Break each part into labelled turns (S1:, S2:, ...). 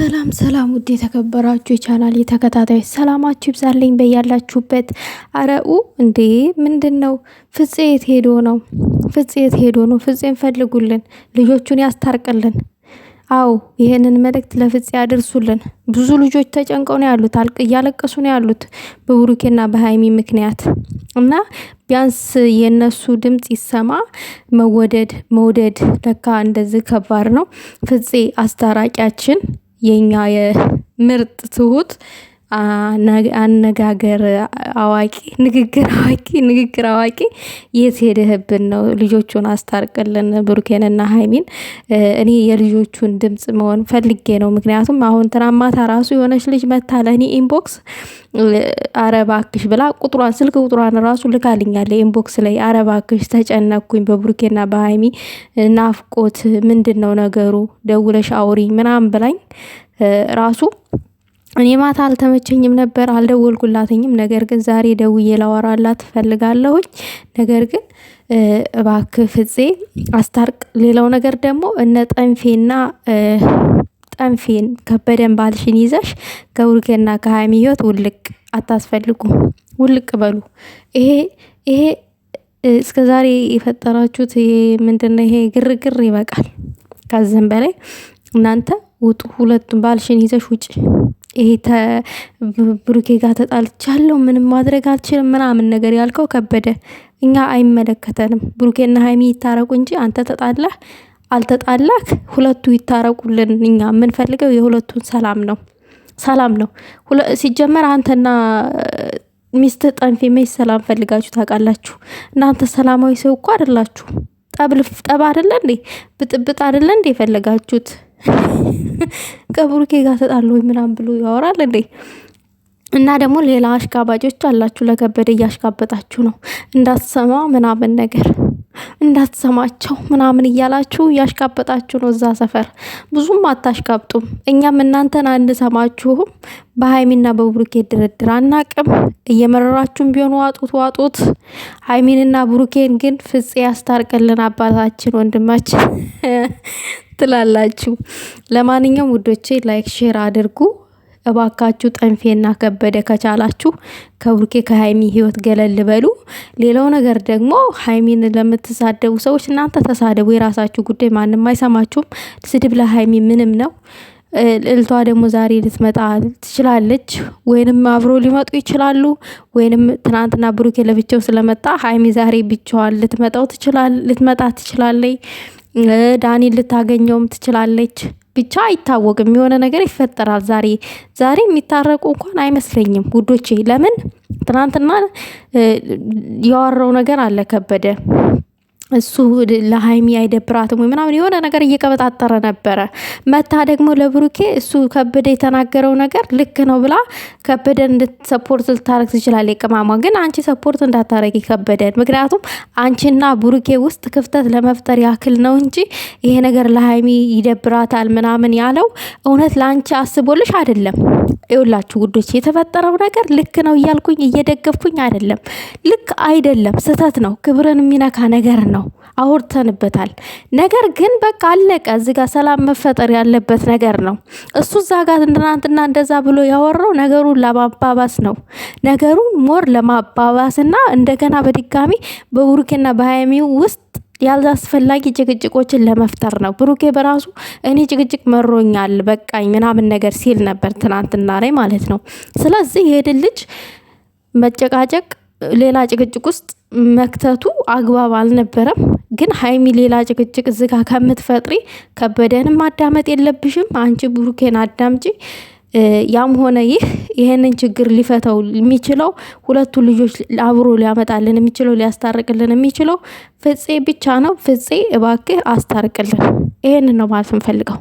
S1: ሰላም ሰላም፣ ውድ የተከበራችሁ የቻናል ተከታታዮች ሰላማችሁ ይብዛልኝ በያላችሁበት። አረኡ እንዴ ምንድን ነው? ፍፄ የት ሄዶ ነው? ፍፄ የት ሄዶ ነው? ፍፄን ፈልጉልን፣ ልጆቹን ያስታርቅልን። አዎ ይህንን መልእክት ለፍፄ ያድርሱልን ብዙ ልጆች ተጨንቀው ነው ያሉት፣ አልቅ እያለቀሱ ነው ያሉት በብሩኬና በሀይሚ ምክንያት እና ቢያንስ የእነሱ ድምፅ ይሰማ። መወደድ መውደድ ለካ እንደዚህ ከባድ ነው። ፍፄ አስታራቂያችን የኛ የምርጥ ትሁት አነጋገር አዋቂ ንግግር አዋቂ ንግግር አዋቂ የት ሄደህብን ነው? ልጆቹን አስታርቅልን ብሩኬንና ሀይሚን። እኔ የልጆቹን ድምፅ መሆን ፈልጌ ነው። ምክንያቱም አሁን ትናማታ ራሱ የሆነች ልጅ መታለ እኔ ኢንቦክስ አረባክሽ ብላ ቁጥሯን ስልክ ቁጥሯን ራሱ ልካልኛለ ኢንቦክስ ላይ አረባክሽ ተጨነኩኝ፣ በብሩኬና በሀይሚ ናፍቆት ምንድን ነው ነገሩ፣ ደውለሽ አውሪ ምናምን ብላኝ ራሱ እኔ ማታ አልተመቸኝም ነበር አልደወልኩላትኝም። ነገር ግን ዛሬ ደውዬ ላወራላት ፈልጋለሁኝ። ነገር ግን እባክህ ፍፄ አስታርቅ። ሌላው ነገር ደግሞ እነ ጠንፌና ጠንፌን ከበደን ባልሽን ይዘሽ ከውርጌና ከሀይሚ ህይወት ውልቅ አታስፈልጉ፣ ውልቅ በሉ። ይሄ ይሄ እስከ ዛሬ የፈጠራችሁት ምንድነው? ይሄ ግርግር ይበቃል። ከዚህም በላይ እናንተ ውጡ፣ ሁለቱም ባልሽን ይዘሽ ውጭ። ይሄ ብሩኬ ጋር ተጣልቻለሁ ምንም ማድረግ አልችልም ምናምን ነገር ያልከው ከበደ፣ እኛ አይመለከተንም። ብሩኬና ሀይሚ ይታረቁ እንጂ አንተ ተጣላህ አልተጣላክ፣ ሁለቱ ይታረቁልን። እኛ የምንፈልገው የሁለቱን ሰላም ነው፣ ሰላም ነው። ሲጀመር አንተና ሚስት ጠንፌ መች ሰላም ፈልጋችሁ ታውቃላችሁ? እናንተ ሰላማዊ ሰው እኮ አይደላችሁ። ጠብ አይደለ እንዴ? ብጥብጥ አይደለ እንዴ የፈለጋችሁት? ከብሩኬ ጋር ተጣሉ ወይ ምናምን ብሎ ያወራል እንዴ? እና ደግሞ ሌላ አሽቃባጮች አላችሁ። ለከበደ እያሽቃበጣችሁ ነው እንዳትሰማ ምናምን ነገር እንዳትሰማቸው ምናምን እያላችሁ እያሽቃበጣችሁ ነው። እዛ ሰፈር ብዙም አታሽቃብጡም። እኛም እናንተን አንሰማችሁም። በሀይሚና በብሩኬ ድርድር አናቅም። እየመረራችሁም ቢሆን ዋጡት ዋጡት። ሀይሚንና ብሩኬን ግን ፍጽ ያስታርቅልን አባታችን ወንድማችን ትላላችሁ። ለማንኛውም ውዶቼ ላይክ፣ ሼር አድርጉ እባካችሁ። ጠንፌና ከበደ ከቻላችሁ ከብሩኬ ከሀይሚ ህይወት ገለል በሉ። ሌላው ነገር ደግሞ ሀይሚን ለምትሳደቡ ሰዎች እናንተ ተሳደቡ፣ የራሳችሁ ጉዳይ፣ ማንም አይሰማችሁም። ስድብ ለሀይሚ ምንም ነው። እልቷ ደግሞ ዛሬ ልትመጣ ትችላለች፣ ወይንም አብሮ ሊመጡ ይችላሉ። ወይንም ትናንትና ብሩኬ ለብቻው ስለመጣ ሀይሚ ዛሬ ብቻዋን ልትመጣው ልትመጣ ትችላለች። ዳኒን ልታገኘውም ትችላለች። ብቻ አይታወቅም፣ የሆነ ነገር ይፈጠራል። ዛሬ ዛሬ የሚታረቁ እንኳን አይመስለኝም ውዶቼ። ለምን ትናንትና ያወራው ነገር አለ ከበደ እሱ ለሀይሚ አይደብራትም ወይ ምናምን የሆነ ነገር እየቀበጣጠረ ነበረ። መታ ደግሞ ለብሩኬ እሱ ከበደ የተናገረው ነገር ልክ ነው ብላ ከበደን ሰፖርት ልታረግ ትችላለ። ቅማሟ ግን አንቺ ሰፖርት እንዳታረጊ ከበደን፣ ምክንያቱም አንቺና ብሩኬ ውስጥ ክፍተት ለመፍጠር ያክል ነው እንጂ ይሄ ነገር ለሀይሚ ይደብራታል ምናምን ያለው እውነት ለአንቺ አስቦልሽ አይደለም። ይውላችሁ ውዶች የተፈጠረው ነገር ልክ ነው እያልኩኝ እየደገፍኩኝ አይደለም። ልክ አይደለም፣ ስህተት ነው፣ ክብርን የሚነካ ነገር ነው። አውርተንበታል። ነገር ግን በቃ አለቀ። እዚ ጋር ሰላም መፈጠር ያለበት ነገር ነው። እሱ እዛ ጋር እንትናንትና እንደዛ ብሎ ያወራው ነገሩን ለማባባስ ነው። ነገሩን ሞር እና እንደገና በድጋሚ በቡሩኬና በሀይሚው ውስጥ ያላስፈላጊ ጭቅጭቆችን ለመፍጠር ነው። ብሩኬ በራሱ እኔ ጭቅጭቅ መሮኛል በቃኝ ምናምን ነገር ሲል ነበር ትናንትና ላይ ማለት ነው። ስለዚህ ይሄድን ልጅ መጨቃጨቅ ሌላ ጭቅጭቅ ውስጥ መክተቱ አግባብ አልነበረም። ግን ሀይሚ ሌላ ጭቅጭቅ እዚጋ ከምትፈጥሪ ከበደንም ማዳመጥ የለብሽም። አንቺ ብሩኬን አዳምጪ። ያም ሆነ ይህ ይህንን ችግር ሊፈተው የሚችለው ሁለቱ ልጆች አብሮ ሊያመጣልን የሚችለው ሊያስታርቅልን የሚችለው ፍፄ ብቻ ነው። ፍፄ እባክህ አስታርቅልን። ይህንን ነው ማለት ንፈልገው።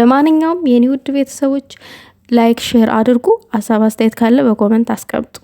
S1: ለማንኛውም የኔ ውድ ቤተሰቦች ላይክ፣ ሼር አድርጉ። ሀሳብ አስተያየት ካለ በኮመንት አስቀምጡ።